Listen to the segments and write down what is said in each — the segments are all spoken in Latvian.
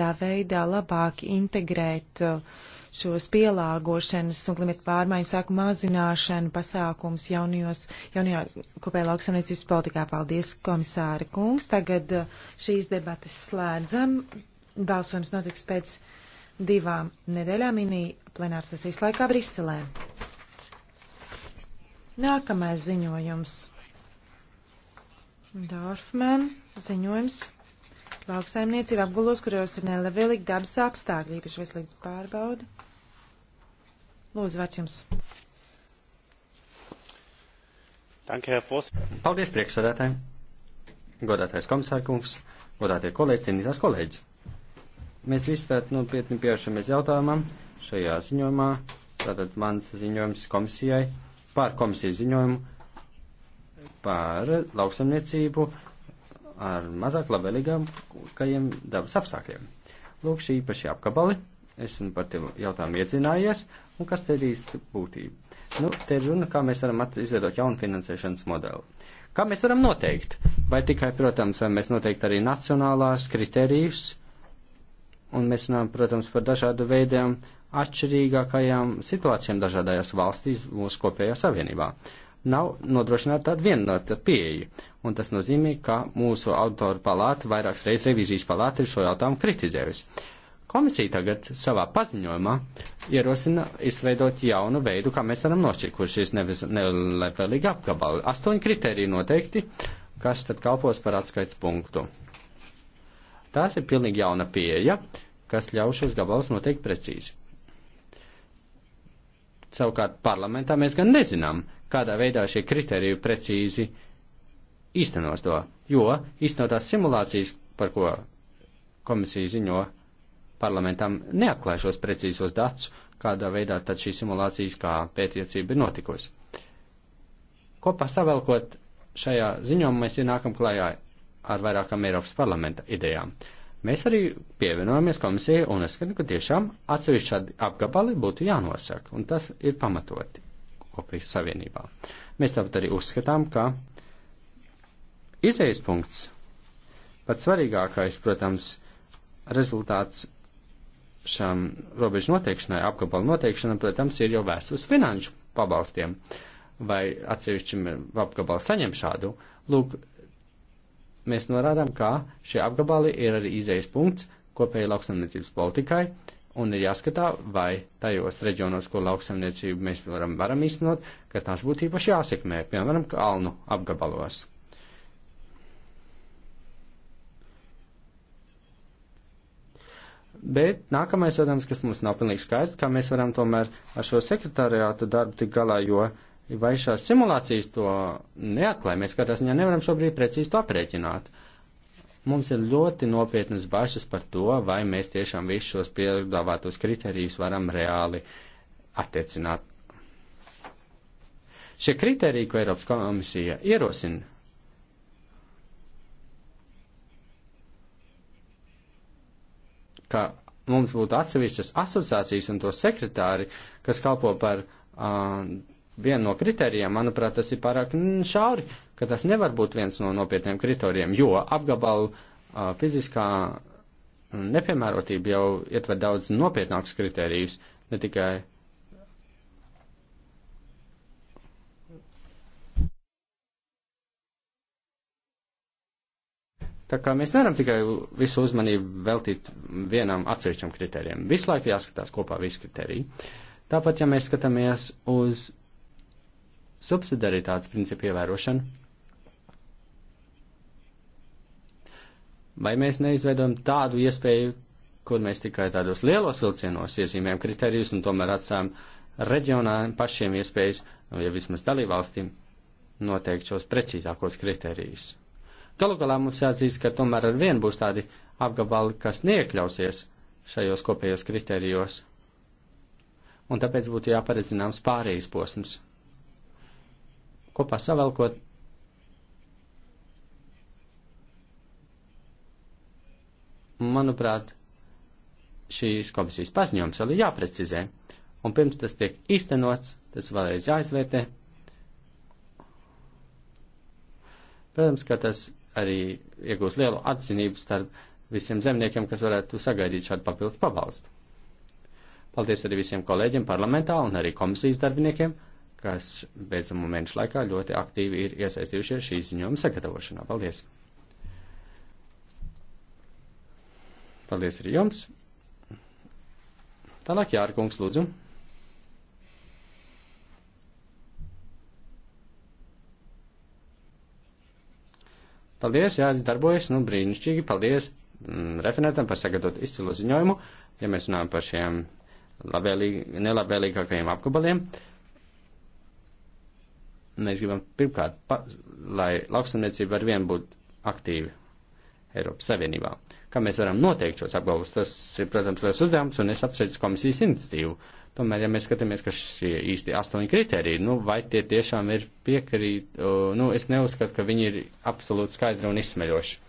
tā veidā labāk integrēt uh, šos pielāgošanas un klimata pārmaiņu sāku mazināšanu pasākums jaunajos, jaunajā kopējā lauksaimniecības politikā. Paldies, komisāra kungs. Tagad uh, šīs debatas slēdzam. Balsojums notiks pēc divām nedēļām minī plenārsesijas laikā Briselē. Nākamais ziņojums. Dorfman ziņojums lauksaimniecību apgulos, kuros ir nelabvēlīgi dabas apstākļi, īpaši veselības pārbauda. Lūdzu, vārds jums. Paldies priekšsēdētājiem, godātais komisārkungs, godātie kolēģi, cienītās kolēģis. Mēs visi tātad nopietni nu, pievēršamies jautājumam šajā ziņojumā, tātad mans ziņojums komisijai par komisijas ziņojumu par lauksamniecību ar mazāk labvēlīgākajiem dabas apstākļiem. Lūk, šī īpaši apkabali. Esmu par tiem jautājumu iedzinājies, un kas te ir īsti būtība. Nu, te ir runa, kā mēs varam izveidot jaunu finansēšanas modeli. Kā mēs varam noteikt? Vai tikai, protams, vai mēs noteikti arī nacionālās kriterijus, un mēs runājam, protams, par dažādu veidiem atšķirīgākajām situācijām dažādajās valstīs mūsu kopējā savienībā. Uh, nav nodrošināta tāda vienota pieeja. Un tas nozīmē, ka mūsu autoru palāta vairākas reizes revizijas palāta ir šo jautājumu kritizējusi. Komisija tagad savā paziņojumā ierosina izveidot jaunu veidu, kā mēs varam nošķirt, kurš šis nelabvēlīgi apgabali. Astoņi kriteriji noteikti, kas tad kalpos par atskaits punktu. Tās ir pilnīgi jauna pieeja, kas ļauj šos gabalus noteikt precīzi. Savukārt parlamentā mēs gan nezinām, kādā veidā šie kriteriji precīzi īstenos to, jo īstenotās simulācijas, par ko komisija ziņo parlamentam, neatklāj šos precīzos datus, kādā veidā tad šī simulācijas kā pētniecība ir notikusi. Kopā savelkot šajā ziņojumā mēs ienākam klājā ar vairākām Eiropas parlamenta idejām. Mēs arī pievienojamies komisijai un es skatu, ka tiešām atsevišķi apgabali būtu jānosaka, un tas ir pamatoti kopīgi savienībā. Mēs tāpat arī uzskatām, ka izējas punkts, pats svarīgākais, protams, rezultāts šam robežu noteikšanai, apgabalu noteikšanai, protams, ir jau vēsts uz finanšu pabalstiem, vai atsevišķi apgabalu saņem šādu. Lūk, mēs norādām, ka šie apgabali ir arī izējas punkts kopēji lauksamniecības politikai, Un ir jāskatā, vai tajos reģionos, ko lauksaimniecību mēs varam, varam īstenot, ka tās būtu īpaši jāsekmē, piemēram, kalnu apgabalos. Bet nākamais, protams, kas mums nav pilnīgi skaidrs, kā mēs varam tomēr ar šo sekretariātu darbu tik galā, jo vai šās simulācijas to neatklāja, mēs katrā ziņā nevaram šobrīd precīzi to aprēķināt. Uh, Mums ir ļoti nopietnas bažas par to, vai mēs tiešām visus šos piedāvātos kriterijus varam reāli attiecināt. Šie kriteriji, ko Eiropas komisija ierosina, ka mums būtu atsevišķas asociācijas un to sekretāri, kas kalpo par uh, vienu no kriterijiem, manuprāt, tas ir pārāk šauri, ka tas nevar būt viens no nopietniem kritorijiem, jo apgabalu uh, fiziskā nepiemērotība jau ietver daudz nopietnākus kriterijus, ne tikai. Tā kā mēs nevaram tikai visu uzmanību veltīt vienam atsevišķam kriterijam. Visu laiku jāskatās kopā visi kriteriji. Tāpat, ja mēs skatāmies uz subsidaritātes principu ievērošanu, Vai mēs neizveidojam tādu iespēju, kur mēs tikai tādos lielos vilcienos iezīmējam kriterijus un tomēr atstājam reģionām pašiem iespējas, nu, ja vismaz dalībvalstīm, noteikt šos precīzākos kriterijus. Galu galā mums jāatzīst, ka tomēr ar vienu būs tādi apgabali, kas neiekļausies šajos kopējos kriterijos, un tāpēc būtu jāparedzināms pārējais posms. Kopā savelkot, Manuprāt, šīs komisijas paziņojums vēl ir jāprecizē, un pirms tas tiek īstenots, tas vēlreiz jāizvērtē. Protams, ka tas arī iegūs lielu atzinību starp visiem zemniekiem, kas varētu sagaidīt šādu papildus pabalstu. Paldies arī visiem kolēģiem parlamentā un arī komisijas darbiniekiem, kas beidzamo mēnešu laikā ļoti aktīvi ir iesaistījušies šī ziņojuma sagatavošanā. Paldies! Paldies arī jums. Tālāk Jārkungs, lūdzu. Paldies, jā, darbojas, nu brīnišķīgi, paldies mm, referentam par sagatavot izcilu ziņojumu, ja mēs runājam par šiem labvēlīgi, nelabvēlīgākajiem apgabaliem. Mēs gribam pirmkārt, pa, lai lauksamniecība ar vienu būtu aktīvi Eiropas Savienībā. Kā mēs varam noteikt šos apgalvus, tas ir, protams, liels uzdevums, un es apsveicu komisijas iniciatīvu. Tomēr, ja mēs skatāmies, ka šie īsti astoņi kriteriji, nu, vai tie tiešām ir piekrīt, nu, es neuzskatu, ka viņi ir absolūti skaidri un izsmeļoši.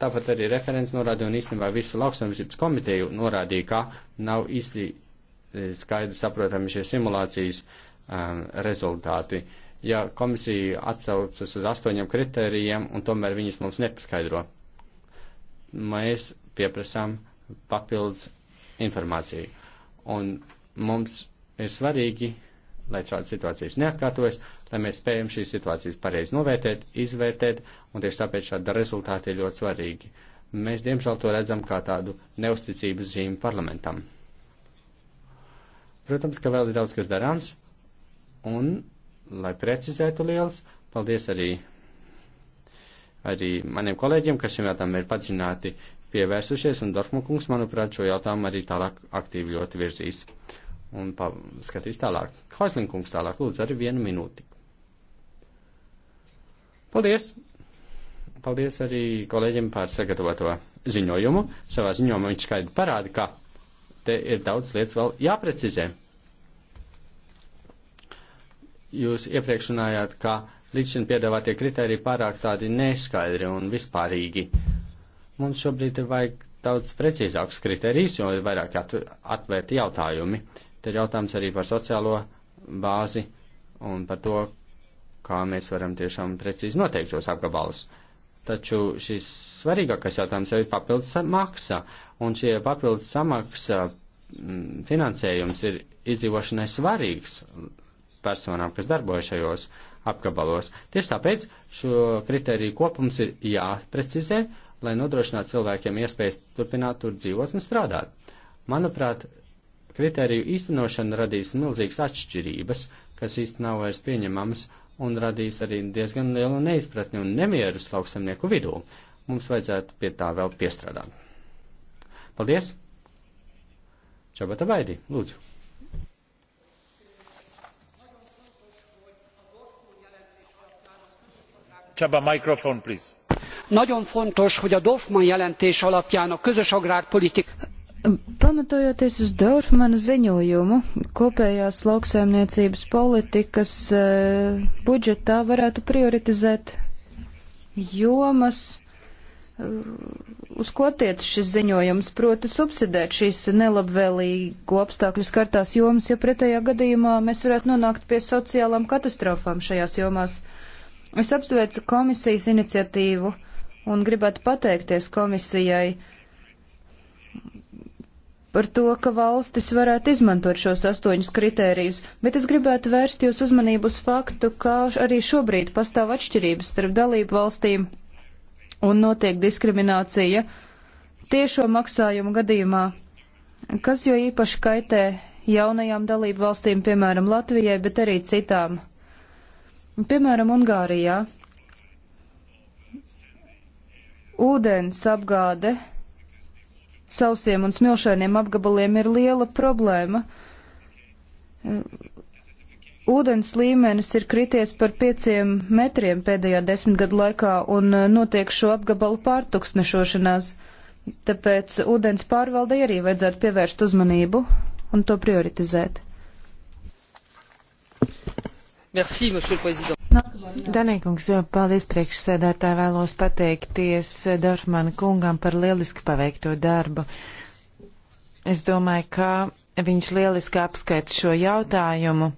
Tāpat arī referents norādīja, un īstenībā visa lauksaimniecības komiteja norādīja, ka nav īsti e, skaidri saprotami šie simulācijas um, rezultāti. Uh, ja komisija atsaucas uz astoņiem kritērijiem un tomēr viņas mums nepaskaidro. Mēs pieprasām papildus informāciju. Un mums ir svarīgi, lai šādas situācijas neatkārtojas, lai mēs spējam šīs situācijas pareizi novērtēt, izvērtēt, un tieši tāpēc šāda rezultāta ir ļoti svarīgi. Mēs, diemžēl, to redzam kā tādu neusticības zīmi parlamentam. Protams, ka vēl ir daudz kas darāms, un lai precizētu lielas. Paldies arī, arī maniem kolēģiem, kas šim jautājumam ir padziļināti pievērsušies, un Dorfmu kungs, manuprāt, šo jautājumu arī tālāk aktīvi ļoti virzīs. Un skatīs tālāk. Hoisling kungs tālāk, lūdzu, arī vienu minūti. Paldies! Paldies arī kolēģiem par sagatavoto ziņojumu. Savā ziņojumā viņš skaidri parāda, ka te ir daudz lietas vēl jāprecizē jūs iepriekš runājāt, ka līdz šim piedāvātie kriteriji pārāk tādi neskaidri un vispārīgi. Mums šobrīd ir vajag daudz precīzākus kriterijus, jo ir vairāk atvērti jautājumi. Te ir jautājums arī par sociālo bāzi un par to, kā mēs varam tiešām precīzi noteikt šos apgabalus. Taču šis svarīgākais jautājums jau ir papildus maksa, un šie papildus samaksa mm, finansējums ir izdzīvošanai svarīgs personām, kas darbojas šajos apgabalos. Tieši tāpēc šo kriteriju kopums ir jāprecizē, lai nodrošinātu cilvēkiem iespējas turpināt tur dzīvot un strādāt. Manuprāt, kriteriju īstenošana radīs milzīgas atšķirības, kas īsti nav vairs pieņemamas un radīs arī diezgan lielu neizpratni un nemieru lauksemnieku vidū. Mums vajadzētu pie tā vēl piestrādāt. Paldies! Čabata Vaidi, lūdzu! Mikrofon, nagyon fontos hogy a dorfmann jelentés alapján a közös agrárpolitikát Pamatojoties uz Dorfmana ziņojumu, kopējās lauksaimniecības politikas uh, budžetā varētu prioritizēt jomas, uh, uz ko tiec šis ziņojums, proti subsidēt šīs nelabvēlīgo apstākļu skartās jomas, jo pretējā gadījumā mēs varētu nonākt pie sociālām katastrofām šajās jomās. Es apsveicu komisijas iniciatīvu un gribētu pateikties komisijai par to, ka valstis varētu izmantot šos astoņus kritērijus, bet es gribētu vērst jūs uzmanību uz faktu, ka arī šobrīd pastāv atšķirības starp dalību valstīm un notiek diskriminācija tiešo maksājumu gadījumā, kas jo īpaši kaitē jaunajām dalību valstīm, piemēram, Latvijai, bet arī citām. Piemēram, Ungārijā ūdens apgāde sausiem un smilšainiem apgabaliem ir liela problēma. Ūdens līmenis ir krities par pieciem metriem pēdējā desmitgadu laikā un eh, notiek šo apgabalu pārtuksnešošanās, tāpēc ūdens pārvaldei arī vajadzētu pievērst uzmanību un to prioritizēt. Merci, monsieur le président. Danīkungs, paldies priekšsēdētāji, vēlos pateikties Dorfmana kungam par lieliski paveikto darbu. Es domāju, ka viņš lieliski apskaita šo jautājumu,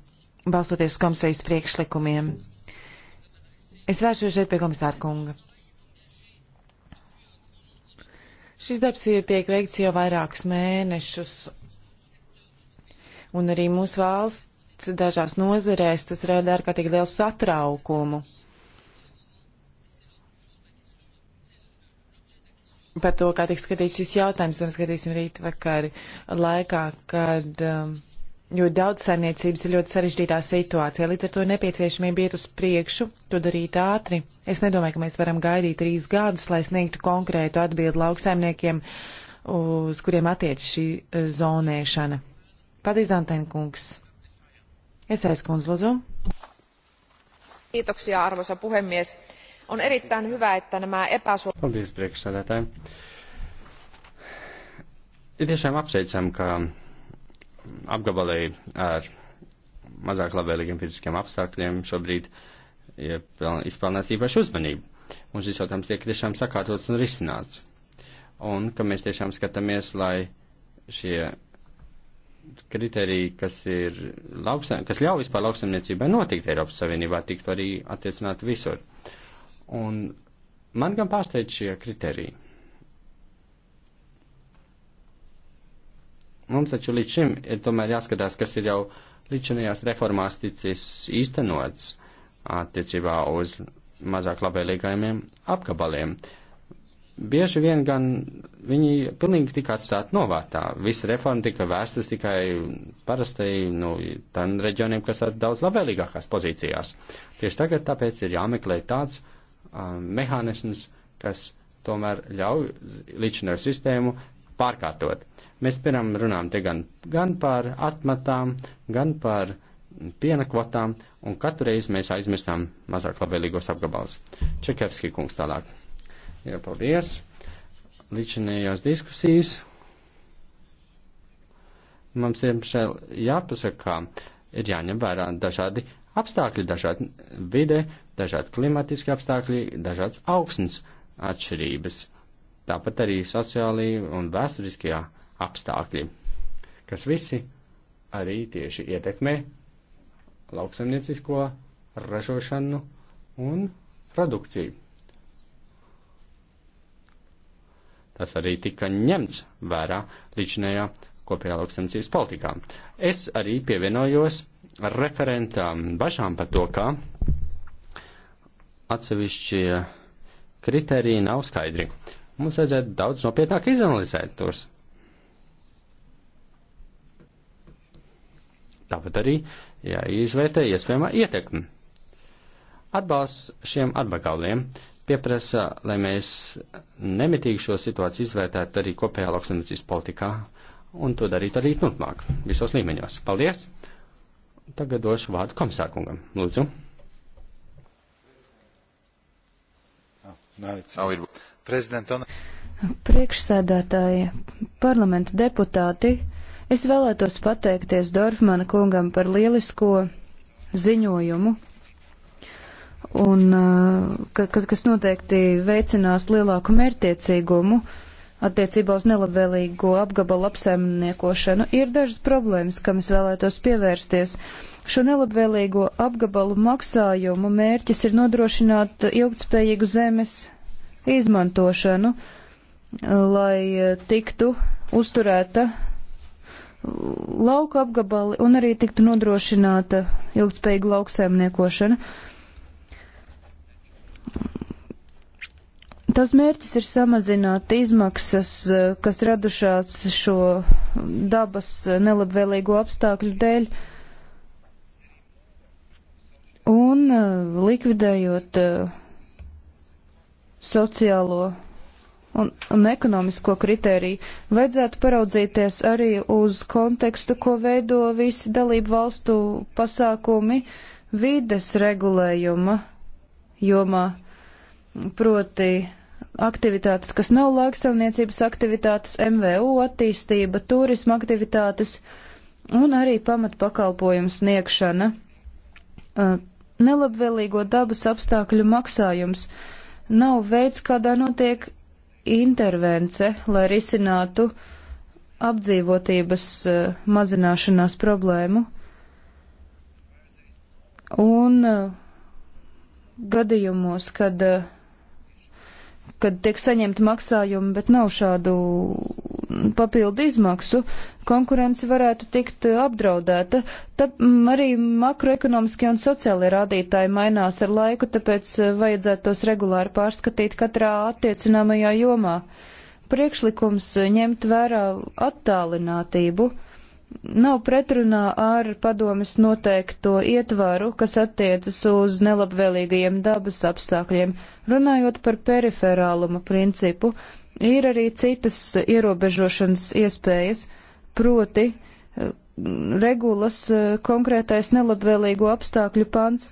balsoties komisijas priekšlikumiem. Es vēršos šeit pie komisāra kunga. Šis darbs ir tiek veikts jau vairākus mēnešus, un arī mūsu valsts efekts dažās nozerēs, tas rada ārkārtīgi lielu satraukumu. Par to, kā tiks skatīts šis jautājums, mēs skatīsim rīt vakar laikā, kad um, ļoti daudz saimniecības ir ļoti sarežģītā situācijā, līdz ar to nepieciešamība iet uz priekšu, to darīt ātri. Es nedomāju, ka mēs varam gaidīt trīs gadus, lai sniegtu konkrētu atbildi lauksaimniekiem, uz kuriem attiec šī eh, zonēšana. Paldies, Dantēnkungs! arvoisa puhemies on erittäin hyvä että nämä epäsuorat. Ir tiešām apsveicam, ka apgabalēji ar mazāk labvēlīgiem fiziskiem apstākļiem šobrīd izpelnās īpašu uzmanību. Un šis jautājums tiek tiešām sakārtots un risināts. Un ka mēs tiešām skatāmies, lai šie kriteriji, kas, ir, lauksam, kas ļauj vispār lauksaimniecībai notikt Eiropas Savienībā, tiktu arī attiecināt visur. Un man gan pārsteidz šie kriteriji. Mums taču līdz šim ir tomēr jāskatās, kas ir jau līdzinājās reformās ticis īstenots attiecībā uz mazāk labvēlīgajiem apgabaliem. Uh, bieži vien gan viņi pilnīgi tika atstāti novārtā. Visa reforma tika vērstas tikai parastai, nu, tam reģioniem, kas ir daudz labvēlīgākās pozīcijās. Tieši tagad tāpēc ir jāmeklē tāds um, mehānisms, kas tomēr ļauj līdzšinēju sistēmu pārkārtot. Mēs, piemēram, runājam te gan, gan par atmatām, gan par piena kvotām, un katru reizi mēs aizmirstam mazāk labvēlīgos apgabalus. Čekevski kungs tālāk. Jā, paldies. Līdzinējās diskusijas. Mums, diemžēl, jāpasaka, ka ir jāņem vērā dažādi apstākļi, dažādi vide, dažādi klimatiski apstākļi, dažādas augsnes atšķirības, tāpat arī sociālī un vēsturiskie apstākļi, kas visi arī tieši ietekmē lauksaimniecisko ražošanu un produkciju. tas arī tika ņemts vērā līdzinējā kopējā lauksaimniecības politikā. Es arī pievienojos referentām bažām par to, ka atsevišķi kriteriji nav skaidri. Mums vajadzētu daudz nopietnāk izanalizēt tos. Tāpat arī jāizvērtē iespējamā ietekme. Atbalsts šiem atbakaļiem pieprasa, lai mēs nemitīgi šo situāciju izvērtētu arī kopējā lauksaimniecības politikā un to darītu arī turpmāk visos līmeņos. Paldies! Tagad došu vārdu komisārkungam. Lūdzu. Priekšsēdētāji, parlamenta deputāti, es vēlētos pateikties Dorfmana kungam par lielisko ziņojumu, un uh, kas, kas noteikti veicinās lielāku mērtiecīgumu attiecībā uz nelabvēlīgo apgabalu apsaimniekošanu. Ir dažas problēmas, kam es vēlētos pievērsties. Šo nelabvēlīgo apgabalu maksājumu mērķis ir nodrošināt ilgtspējīgu zemes izmantošanu, lai uh, tiktu uzturēta lauka apgabali un arī tiktu nodrošināta ilgspējīga lauksaimniekošana. Tas mērķis ir samazināt izmaksas, eh, kas radušās šo dabas nelabvēlīgo apstākļu dēļ. Un eh, likvidējot eh, sociālo un, un ekonomisko kritēriju, vajadzētu paraudzīties arī uz kontekstu, ko veido visi dalību valstu pasākumi vides regulējuma jomā, proti aktivitātes, kas nav lauksaimniecības aktivitātes, MVU attīstība, turisma aktivitātes un arī pamatpakalpojumu sniegšana. Nelabvēlīgo dabas apstākļu maksājums nav veids, kādā notiek intervence, lai risinātu apdzīvotības mazināšanās problēmu. Un gadījumos, kad, eh, kad tiek saņemti maksājumi, bet nav šādu papildu izmaksu, konkurence varētu tikt eh, apdraudēta. Ta, mm, arī makroekonomiskie un sociālie rādītāji mainās ar laiku, tāpēc eh, vajadzētu tos regulāri pārskatīt katrā attiecināmajā jomā. Priekšlikums ņemt vērā attālinātību nav pretrunā ar padomis noteikto ietvaru, kas attiecas uz nelabvēlīgajiem dabas apstākļiem. Runājot par periferāluma principu, ir arī citas ierobežošanas iespējas, proti eh, regulas eh, konkrētais nelabvēlīgo apstākļu pants.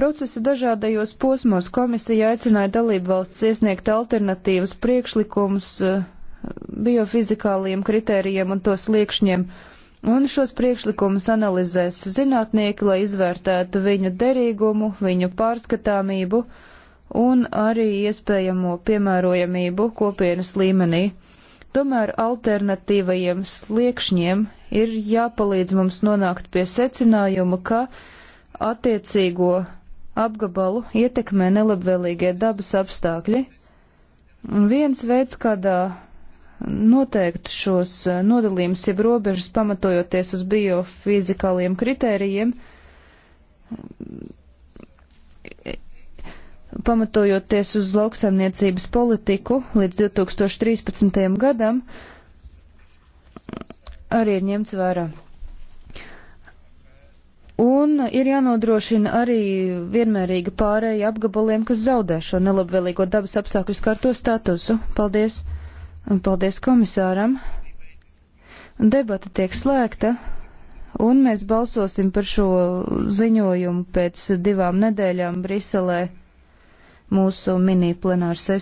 Procesa dažādajos posmos komisija aicināja dalību valsts iesniegt alternatīvas priekšlikumus eh, biofizikāliem kritērijiem un to sliekšņiem, un šos priekšlikumus analizēs zinātnieki, lai izvērtētu viņu derīgumu, viņu pārskatāmību un arī iespējamo piemērojamību kopienas līmenī. Tomēr alternatīvajiem sliekšņiem ir jāpalīdz mums nonākt pie secinājuma, ka attiecīgo apgabalu ietekmē nelabvēlīgie dabas apstākļi. Un viens veids, kādā noteikt šos eh, nodalījumus, jeb robežas pamatojoties uz biofizikāliem kritērijiem, pamatojoties uz lauksaimniecības politiku līdz 2013. gadam, arī ir ņemts vērā. Un ir jānodrošina arī vienmērīga pārēja apgabaliem, kas zaudē šo nelabvēlīgo dabas apstākļu skarto statusu. Paldies! Un paldies komisāram. Debata tiek slēgta, un mēs balsosim par šo ziņojumu pēc divām nedēļām Briselē mūsu mini plenāru sesiju.